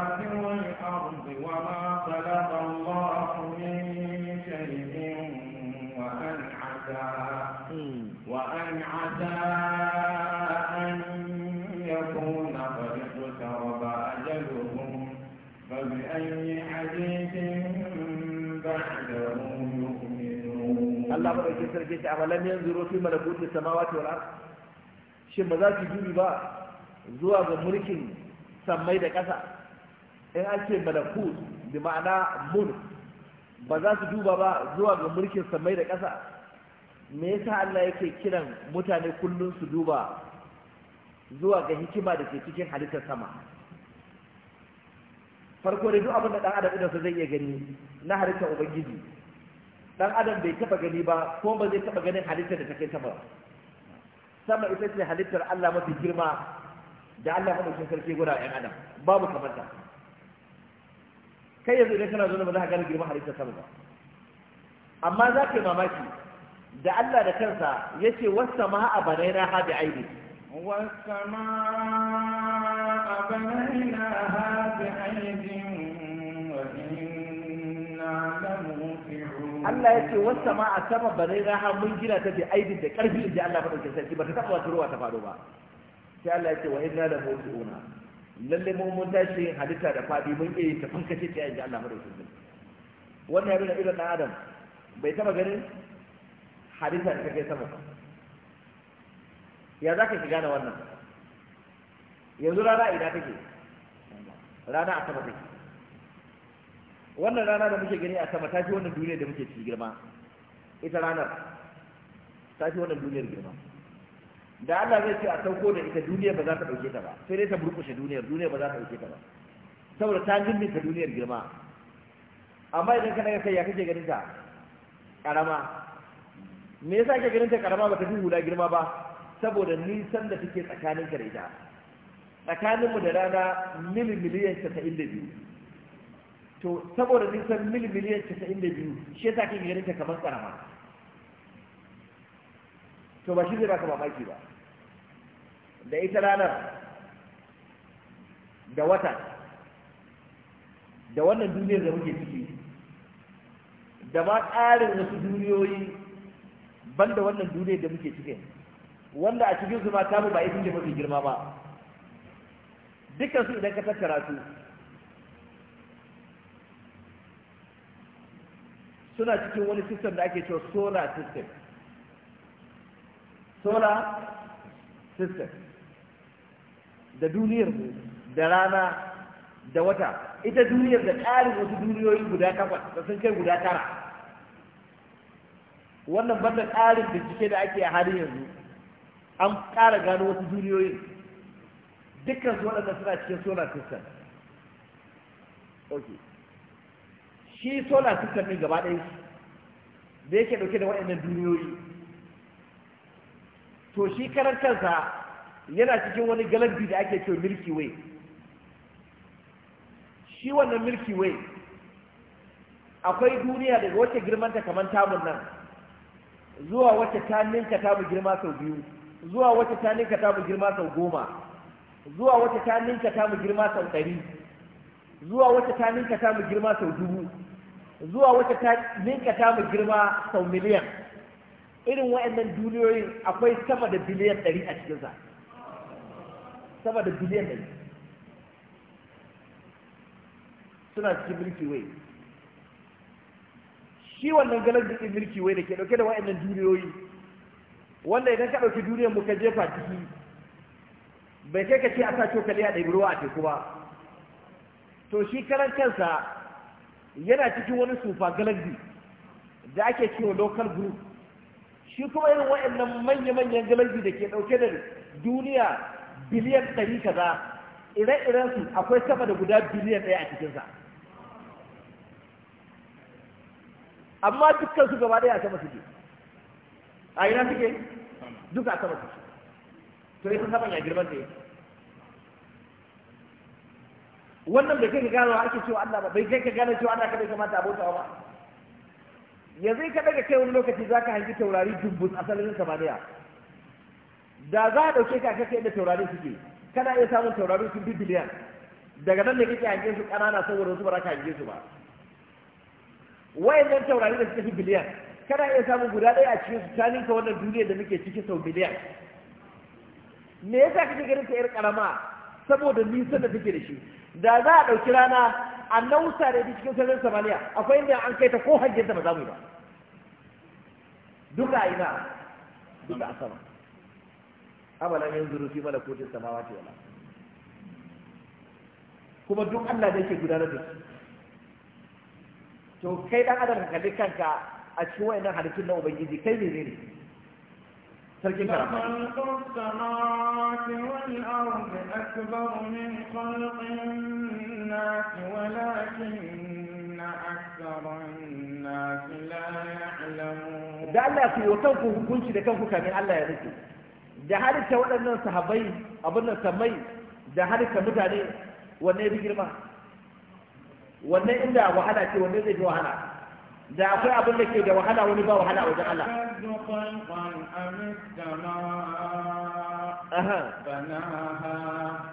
B: madaukakin sarki amma lam yanzuru fi malakuti samawati wal ard shi ba za ki dubi ba zuwa ga mulkin sammai da ƙasa in an ce malakut bi ma'ana mulk ba za su duba ba zuwa ga mulkin samai da ƙasa me yasa Allah yake kiran mutane kullum su duba zuwa ga hikima da ke cikin halittar sama farko da duk abin da dan adam idan zai iya gani na halittar ubangiji dan adam bai taba gani ba ko ba zai taba ganin halittar da ta kai sama sama ita ce halittar Allah mafi girma da Allah madaukin sarki guda ɗan adam babu kamar ta kai yanzu idan kana zuwa ba za ka gani girman halittar sama ba amma za ka yi mamaki da Allah da kansa ya ce wasta a banaina
A: ha bi aidi wasta a banaina ha bi aidi
B: Allah ya ce wasu sama a sama ba zai raha mun gina ta bi aibin da ƙarfi in Allah ba ɗauke sarki ba ta taɓa wata ruwa ta faɗo ba sai Allah ya ce wa inna da mawuci una lalle mun mun tashi yin halitta da faɗi mun iya yi ta ce ta yanzu Allah ba ɗauke sarki wannan ya nuna irin ɗan adam bai taɓa ganin halitta da kake sama ba ya za ka ki gane wannan yanzu rana ina take rana a sama take wannan rana da muke gani a sama ta fi wannan duniyar da muke ciki girma ita ranar ta fi wannan duniyar girma da Allah zai ce a sauko da ita duniyar ba za ta ɗauke ta ba sai dai ta burkushe duniyar duniyar ba za ta ɗauke ta ba saboda ta ta duniyar girma amma idan ka naga kai ya kake ganin ta karama me yasa kake ganin ta karama baka duhu da girma ba saboda nisan da take tsakanin ka da ita tsakaninmu da rana mil miliyan 92 to saboda nisan mil miliyan casa'in da biyu shi yasa kake ganin ta kamar karama to ba shi zai baka mamaki ba da ita ranar da wata da wannan duniyar da muke ciki da ma ƙarin wasu duniyoyi ban da wannan duniyar da muke ciki wanda a cikin su ma tamu ba isin da mafi girma ba dukkan su idan ka tattara su suna cikin wani system da ake cewa solar system solar system da duniyar mu da rana da wata ita duniyar da ƙarin wasu duniyoyi guda kafa da sun kai guda tara wannan banda ƙarin bincike da ake a hali yanzu an ƙara gano wasu duniyoyin dukkan su waɗanda suna cikin solar system okay shi solar system ɗin gaba ɗaya da yake ɗauke da waɗannan duniyoyi to shi karar kansa yana cikin wani galabbi da ake cewa milky way shi wannan milky way akwai duniya daga wacce girmanta kamar tamun nan zuwa wacce ta ninka tamu girma sau biyu zuwa wacce ta ninka tamu girma sau goma zuwa wacce ta ninka tamu girma sau ɗari zuwa wacce ta ninka tamu girma sau dubu zuwa wata ta ninka ta mu girma sau miliyan irin wa'annan duniyoyin akwai sama da biliyan ɗari a cikin cikinsa sama da biliyan ɗari suna cikin milki wai shi wannan galaxies milki wai da ke ɗauke da wa'annan duniyoyi wanda idan ka ɗauki duniyar mu ka jefa ciki bai kai ka ce a sa cokali a ɗabi ruwa a teku ba to shi karan kansa yana cikin wani sufa galaxy da ake cewa local group shi kuma irin waɗannan manya-manyan galaxy da ke ɗauke da duniya biliyan ɗari kaza ire-iren su akwai sama da guda biliyan ɗaya a cikinsa amma dukkan su gaba ɗaya a sama suke a ina suke duka a sama suke to ita saman ya girman da yake wannan bai kai ka gano ake cewa Allah ba bai kai ka gano cewa Allah kadai kamata abota ba zai ka daga kai wani lokaci za ka hangi taurari dubbus asalin samaniya da za a ɗauke ka kai da taurari suke kana iya samun taurari sun bi biliyan daga nan ne kake hange su ƙanana saboda wasu ba za ka hange su ba wayannan taurari da suka fi biliyan kana iya samun guda ɗaya a cikin su ta ka wannan duniya da muke ciki sau biliyan me yasa kake ganin ka yar karama saboda nisan da take da shi da za a ɗauki rana a nausa da cikin sararin samaniya akwai inda an kai ta ko hajjinta ba za mu yi ba duka a ina duka a sama abalan yanzu zurufi mana kotun samawa ce wala kuma duk Allah da yake gudanar da su to kai dan adam ka kalli kanka a cikin wayannan halittun na ubangiji kai ne ne sarkin karama
A: da Allah ku
B: yi kanku hukunci da kanku kamin Allah ya rike da halitta waɗannan sahabai abin nan samai da halitta mutane wanne ya fi girma wanne inda wahala ce wanne zai fi wahala da akwai abin da ke da wahala wani ba wahala wajen Allah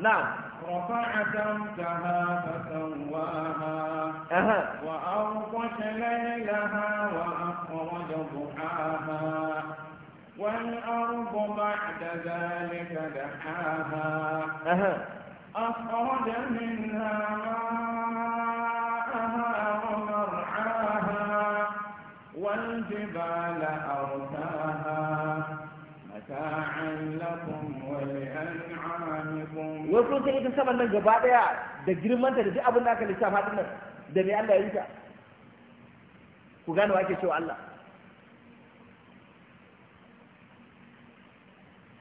A: نعم رفع سمكها فسواها وأغطش ليلها وأخرج ضحاها والأرض بعد ذلك دحاها أخرج منها ماءها الجبال أرساها متاعا لكم ولأنعامكم وفرون
B: سيئتن سمن من جبابها ده جرم من تدفع أبنى كالإسلام هذا ده مي الله ينسى وقال واجه شو الله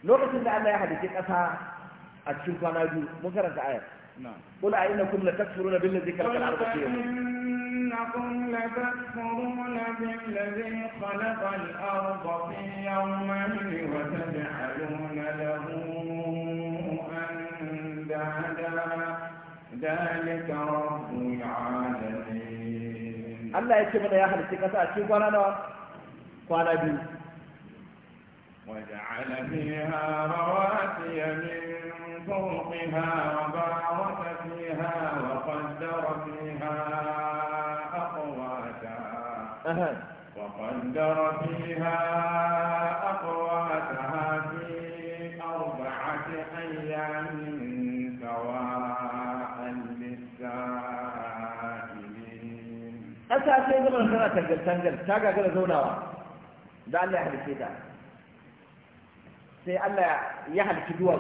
B: لوكسن ده الله يحدث يكأسها أنا نجو مكرا تعالى قل أئنكم لتكفرون بالذي كالك العربية
A: أنكم لتكفرون بالذي خلق الأرض في يومين وتجعلون له أندادا ذلك رب العالمين الله
B: يتمنى يا أهل السكة أشوف أنا
A: وأنا أبي وجعل فيها رواسي من فوقها وبارك فيها وقدر فيها
C: وقدر فيها
A: أقواتها في أربعة أيام سواء للسائلين
B: أسا سيد من سنة تنجل تنجل تاقا قل زونا ده الله يحل كده سي الله يحل كدوة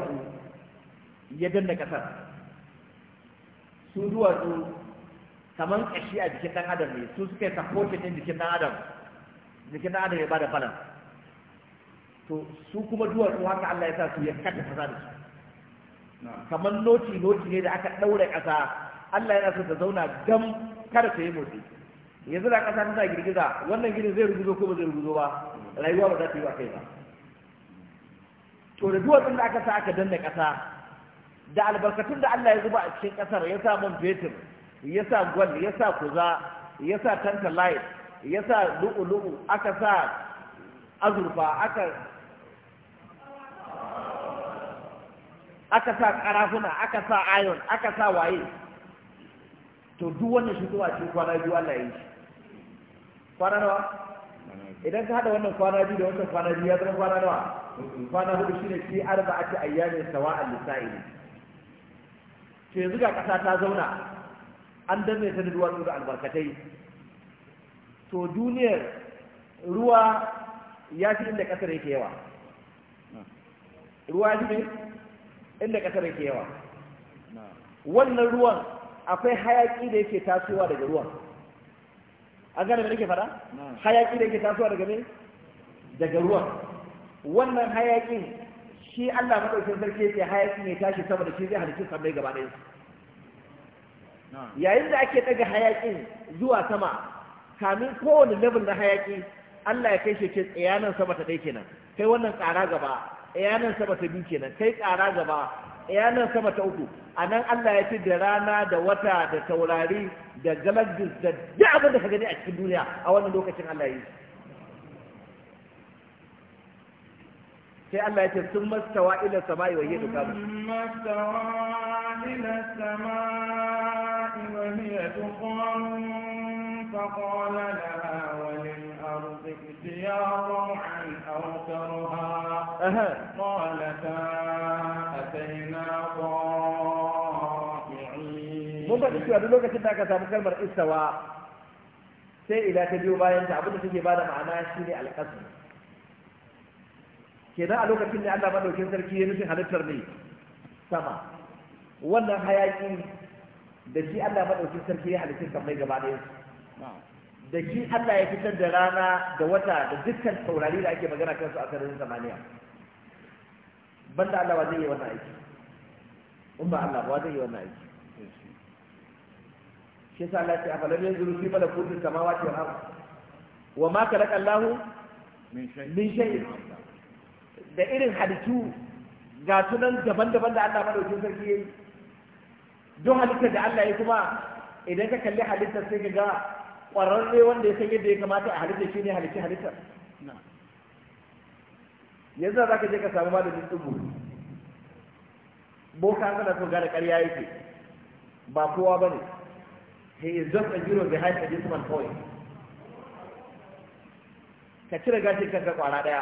B: يدنك أسا su duwatsu kamar ƙashi a jikin ɗan adam ne su suka yi ɗin jikin ɗan adam jikin ɗan adam ya bada balance to su kuma duwatsu haka Allah ya sa su ya kada kasa da su kamar noti noti ne da aka ɗaure ƙasa Allah ya so ta zauna gam kada ta yi motsi yanzu da ƙasa tana girgiza wannan gidan zai ruguzo ko ba zai ruguzo ba rayuwa ba za ta yi wa kai ba to da duwatsun da aka sa aka danna ƙasa da albarkatun da Allah ya zuba a cikin ƙasar ya sa mun fetur ya sa gwal ya sa kuza ya sa tanta light ya sa lu'ulu'u aka sa azurfa aka aka sa karafuna aka sa ayon aka sa waye to duk wannan shi zuwa shi kwana biyu Allah ya yi shi kwana nawa idan ka hada wannan kwana biyu da wannan kwana biyu ya zama kwana nawa kwana hudu shine fi arba'ati ayyamin sawa'a lisa'ili to yanzu ga kasa ta zauna an danne ta da duwatsu da albarkatai to duniyar ruwa ya fi inda ƙasar yake yawa ruwa ya fi inda ƙasar yake yawa wannan ruwan akwai hayaƙi da yake tasowa daga ruwan an gane mai nake fara hayaƙi da yake tasowa daga ne? daga ruwan wannan hayaƙin shi Allah madaukakin sarki yake hayaƙin ya tashi saboda shi zai halittu sammai gaba ɗaya yayin da ake daga hayakin zuwa sama kamin kowane level na hayaki Allah ya kai shi tsayanan sama ta dai kenan kai wannan ƙara gaba tsayanan sama ta biyu kenan kai ƙara gaba tsayanan sama ta uku a nan Allah ya fi da rana da wata da taurari da galagis da duk abin da ka gani a cikin duniya a wannan lokacin Allah ya yi sai Allah ya ce sun mastawa ila sama'i wa yi duka
A: وهي تقام فقال لها وللأرض ائتيا طوعا أو كرها قالتا أتينا طائعين mun faɗi cewa
B: duk lokacin da aka samu kalmar istawa sai ila ta biyo bayan ta abinda take bada ma'ana shine alƙasar kenan a lokacin da Allah madaukin sarki ya nufin halittar ne sama wannan hayaki da shi Allah madaukin sarki ya kan mai gaba ɗaya da shi Allah ya fitar da rana da wata da dukkan taurari da ake magana kansu a sararin samaniya banda Allah ba zai yi wannan aiki in ba Allah ba zai yi wannan aiki shi sa Allah ya ce afalam yanzuru fi malakutis samawati wal ardh wa ma khalaqa Allahu min shayi da irin halittu ga sunan daban-daban da Allah madaukin sarki yi. don halittar da Allah ya kuma idan ka kalli halittar sai ka ga ƙwararre wanda ya san yadda ya kamata a halittar shi ne halitta halittar yanzu za ka je ka samu malamin tsubu boka kana so gane ƙarya yake ba kowa ba ne he is just a zero behind a dismal point ka cire gashin kanka kwara ɗaya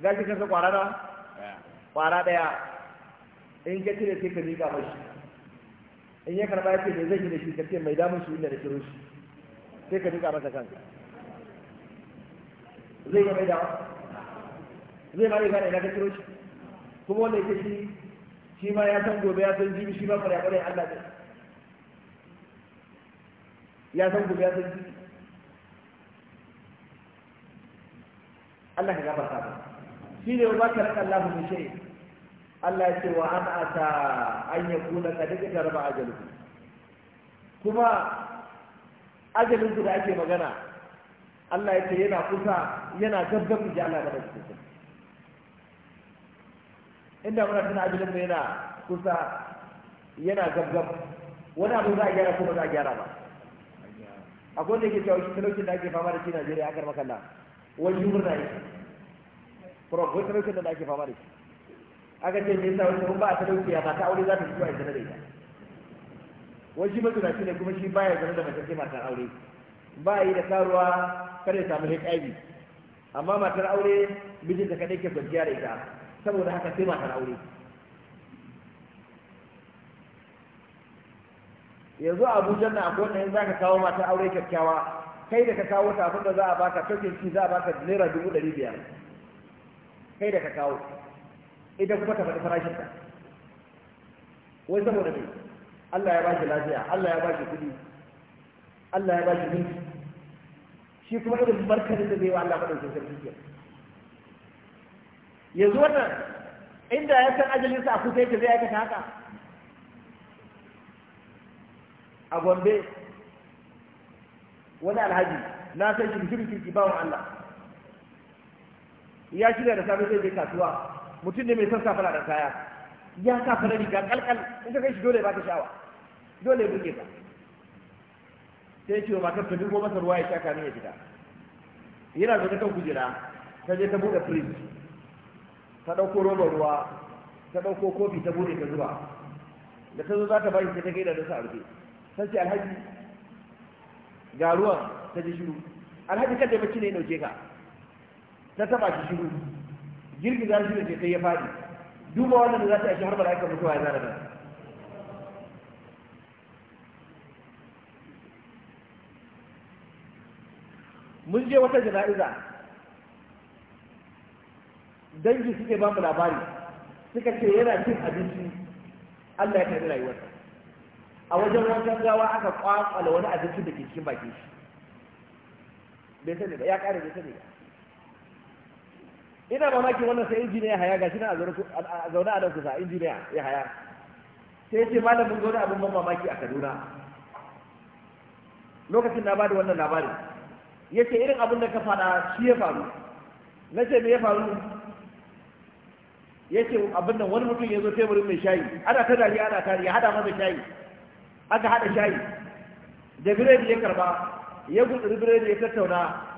B: gashin kanka kwara na kwara ɗaya in ka cire sai ka miƙa mashi in ya karɓa yake da zai yi shi kace mai damun shi inda da kiro shi sai ka duka masa kanka zai ga mai dawa zai ma gane ina ka kiro shi kuma wanda yake shi shi ma ya san gobe ya san jibi shi ma kwarya kwarya Allah ne ya san gobe ya san jibi Allah ka gafarta shi ne wa ba ka raka Allah mu shay'in Allah ya ce wa an ata an ya kula ka duka raba ajalku kuma ajalinku da ake magana Allah ya ce yana kusa yana gaggafi ji Allah da cikin inda muna tana ajalinku yana kusa yana gaggab wani abu za a gyara ko ba za a gyara ba akwai wanda yake cewa shi talaucin da ake fama da shi Najeriya akar makalla wani jumhur na yi kuma akwai talaucin da ake fama da shi aka ce me yasa wani ba a ba mata aure za ta fito a zana da ita wani shi ne kuma shi baya zama da mace ce matar aure ba yi da karuwa kada ya samu HIV amma matar aure mijinta kaɗai ke kwanciya da ita saboda haka sai matar aure yanzu a abuja na akwai wanda yanzu zaka kawo matar aure kyakkyawa kai da ka kawo ta abin da za a baka kake ci za a baka naira dubu ɗari biyar kai da ka kawo Idan kuma ta faɗi farashin ta wai saboda me Allah ya ba shi lafiya Allah ya ba shi kuɗi Allah ya ba shi mulki shi kuma irin barkarin da zai wa Allah madaukakin sarki ke yanzu wannan inda ya san ajalinsa a kusa yake zai aikata haka a gombe wani alhaji na san shi mutum ba wa Allah ya shirya da safe zai je kasuwa mutum ne mai son safara da kaya ya safara farar riga kalkal in ka kai shi dole ba ta sha'awa dole ya burge ka sai ce wa matar ta dubo masa ruwa ya sha kamin ya fita yana zaune kan kujera ta je ta buɗe firij ta ɗauko roba ruwa ta ɗauko kofi ta buɗe ta zuba da ta zo za ta bashi sai ta kai da sa rufe ta ce alhaji ga ruwan ta ji shiru alhaji kada bacci ne ya ɗauke ka ta taba shi shiru girgiza shi da sai ya faɗi duba wannan da za ta ashe harbar mala'ika mutuwa ya zara da mun je wata jana'iza dangi suke ba mu labari suka ce yana cin abinci Allah ya karbi rayuwarsa a wajen wajen gawa aka kwakwala wani abinci da ke cikin bakin shi bai sani ba ya kare bai sani ba ina mamakin wannan sai injiniya haya gashi na a zaune a nan kusa injiniya ya haya sai ce mun gode abin ban mamaki a kaduna lokacin na bada wannan labari ya ce irin abin da ka fada shi ya faru na ce me ya faru ya ce abin nan wani mutum ya zo teburin mai shayi ana ta dariya ana tari ya hada masa shayi aka hada shayi da biredi ya karba ya gudu biredi ya tattauna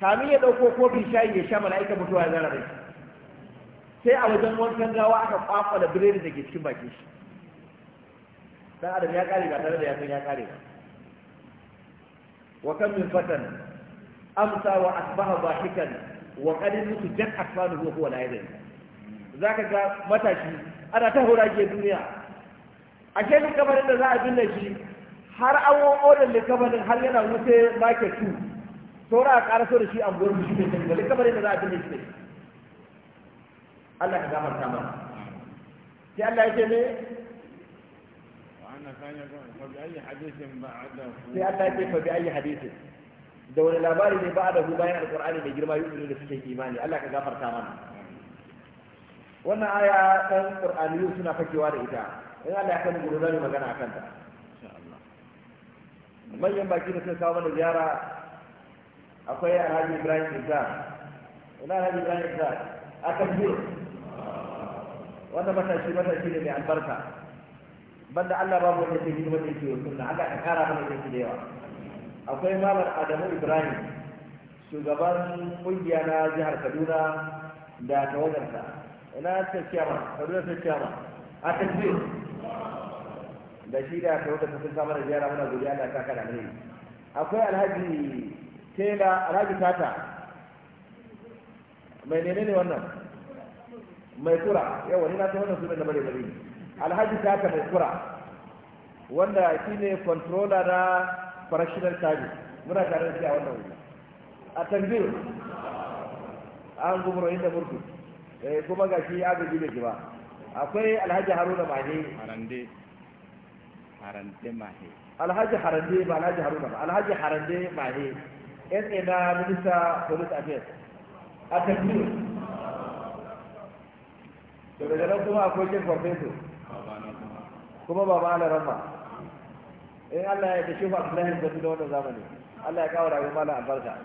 B: kamin ya ɗauko kofin shayi ya sha mala'ika mutuwa ya zara shi. sai a wajen wankan gawa aka da biredi da ke cikin baki. shi dan adam ya kare ba tare da ya san ya kare ba wa kam min fatan amsa wa asbaha dhahikan wa qad nutjat asfanuhu wa huwa la Za zaka ga matashi ana ta ke duniya a cikin kabarin da za a binne shi har an wo order kabarin har yana wuce market 2 saura a ƙaraso da shi a gurin mu shi ne sani balle kamar yadda za a tunne shi Allah ka ta mana
A: sai Allah ya ce ne sai Allah ya ce fa bi
B: ayi hadisi da wani labari ne ba da bayan alqur'ani mai girma yu'minu da suke imani Allah ka ta mana wannan aya ɗan qur'aniyu suna fakewa da ita in Allah ya kan gudu zamu magana akan ta manyan baki da suka kawo mana ziyara akwai alhaji ibrahim isa ina alhaji ibrahim isa a kafir wanda matashi matashi ne mai albarka banda allah ba wanda ke yi wani yake wasu na aka kara mana yake da yawa akwai malam adamu ibrahim shugaban kungiya na jihar kaduna da tawagarsa ina tattiyama kaduna tattiyama a tafiyar da shi da tawagarsa sun samar da ziyara muna godiya da ta kada mai akwai alhaji tela rabi tata mai nene ne wannan mai kura yau wani na ta wannan sunan da bare bare alhaji tata mai kura wanda shi ne controller na fractional service muna tare da shi a wannan wuri a tanzir an gumuro inda murku eh, kuma ga shi agaji da ji akwai alhaji haruna mahe harande harande mahe alhaji harande ba alhaji haruna ba alhaji harande mahe SA na minista police affairs a tafiyo to daga nan kuma akwai cin farfeso kuma baba ala rama in Allah ya tashi fa Abdullahi da da wannan zamani Allah ya kawo rayuwar malam albarka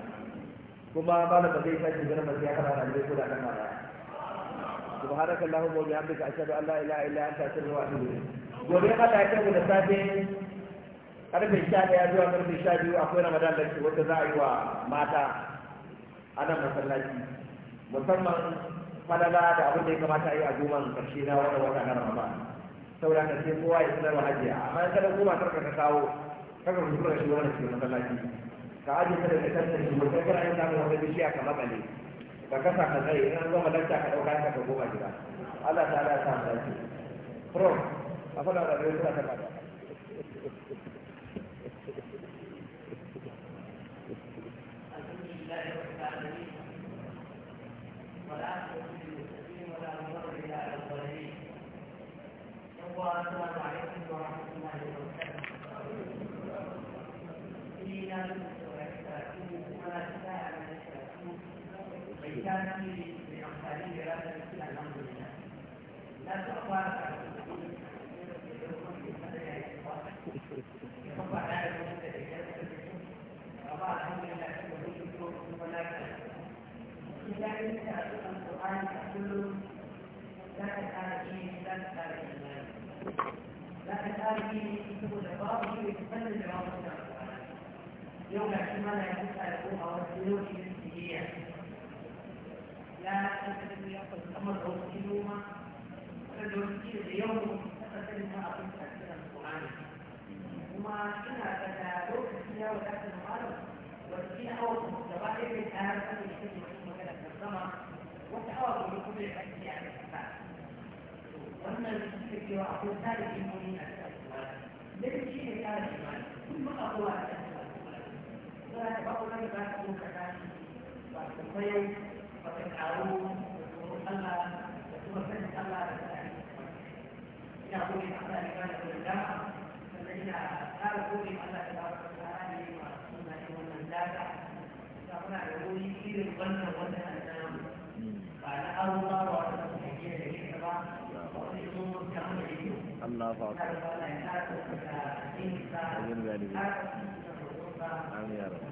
B: kuma malam ba zai sake ganin masu ya kana da zai kula kan mara subhanakallahumma wa bihamdika ashhadu an la ilaha illa anta astaghfiruka wa atubu ilayk gobe Allah ya kai da
C: safe
B: karfe sha ɗaya zuwa karfe sha biyu akwai ramadan da ke wata za a yi wa mata a nan masallaci musamman falala da abin da ya kamata a yi a goman karshe na wannan wata na ramadan saboda ka ce kowa ya sanar wa hajiya amma in kada goma karka ka kawo karka ku tura shi wannan cikin masallaci ka ajiye ka daga kan shi mutum kana yin samun wata bishiya ka makale ka kasa ka tsaye in an zama lanta ka ɗauka ka goma gida Allah ta'ala ya sa mu dace. Prof, a faɗa da rai suna ta
D: ولا تكون للمسلمين ولا نضر إلى الظالمين السلام عليكم ورحمة الله وبركاته يوم كما لا يسأل أو السلوك للسجية لا أمر أو سلوما فالوكيل اليوم فتنها أقول تأثير القرآن وما كنا تتعلق فيها وتأثير القرآن وفيها أول مستبعد من هذا الكلمة وكذا الزمن وتحاول بكل الأشياء الأسباب وأما في وأقول ذلك من أسباب لكن شيء هذا كل ما za ba ku ka yi ba ka ba ka karu ba ku ina gode Allah ba da dama sannan ina ƙara gode ma Allah ba da ba ne ma suna ne wannan data da muna da wuri irin wannan wannan ba na ba wa ta kuma ke da ba
C: ba wani ta yi ba ya da ta ba ta ƙara da ba ƙara ba ta ƙara da ba da ta ta ƙara ko ta ta yi da ta ƙara da ta ta ba ta ƙara da ta da ta ƙara Ba ta ƙara ta ta ta ta
D: ta ta ta ta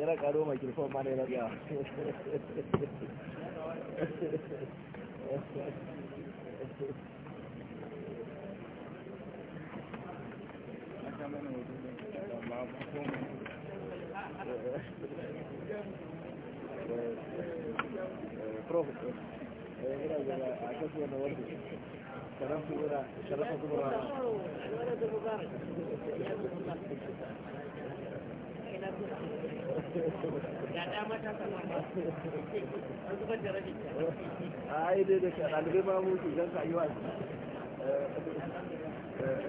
B: yana karo mai kirfon ma ne rabiya Thank you. ai dai da ɗalibai ma mutu don ka yi wa eh, eh, eh,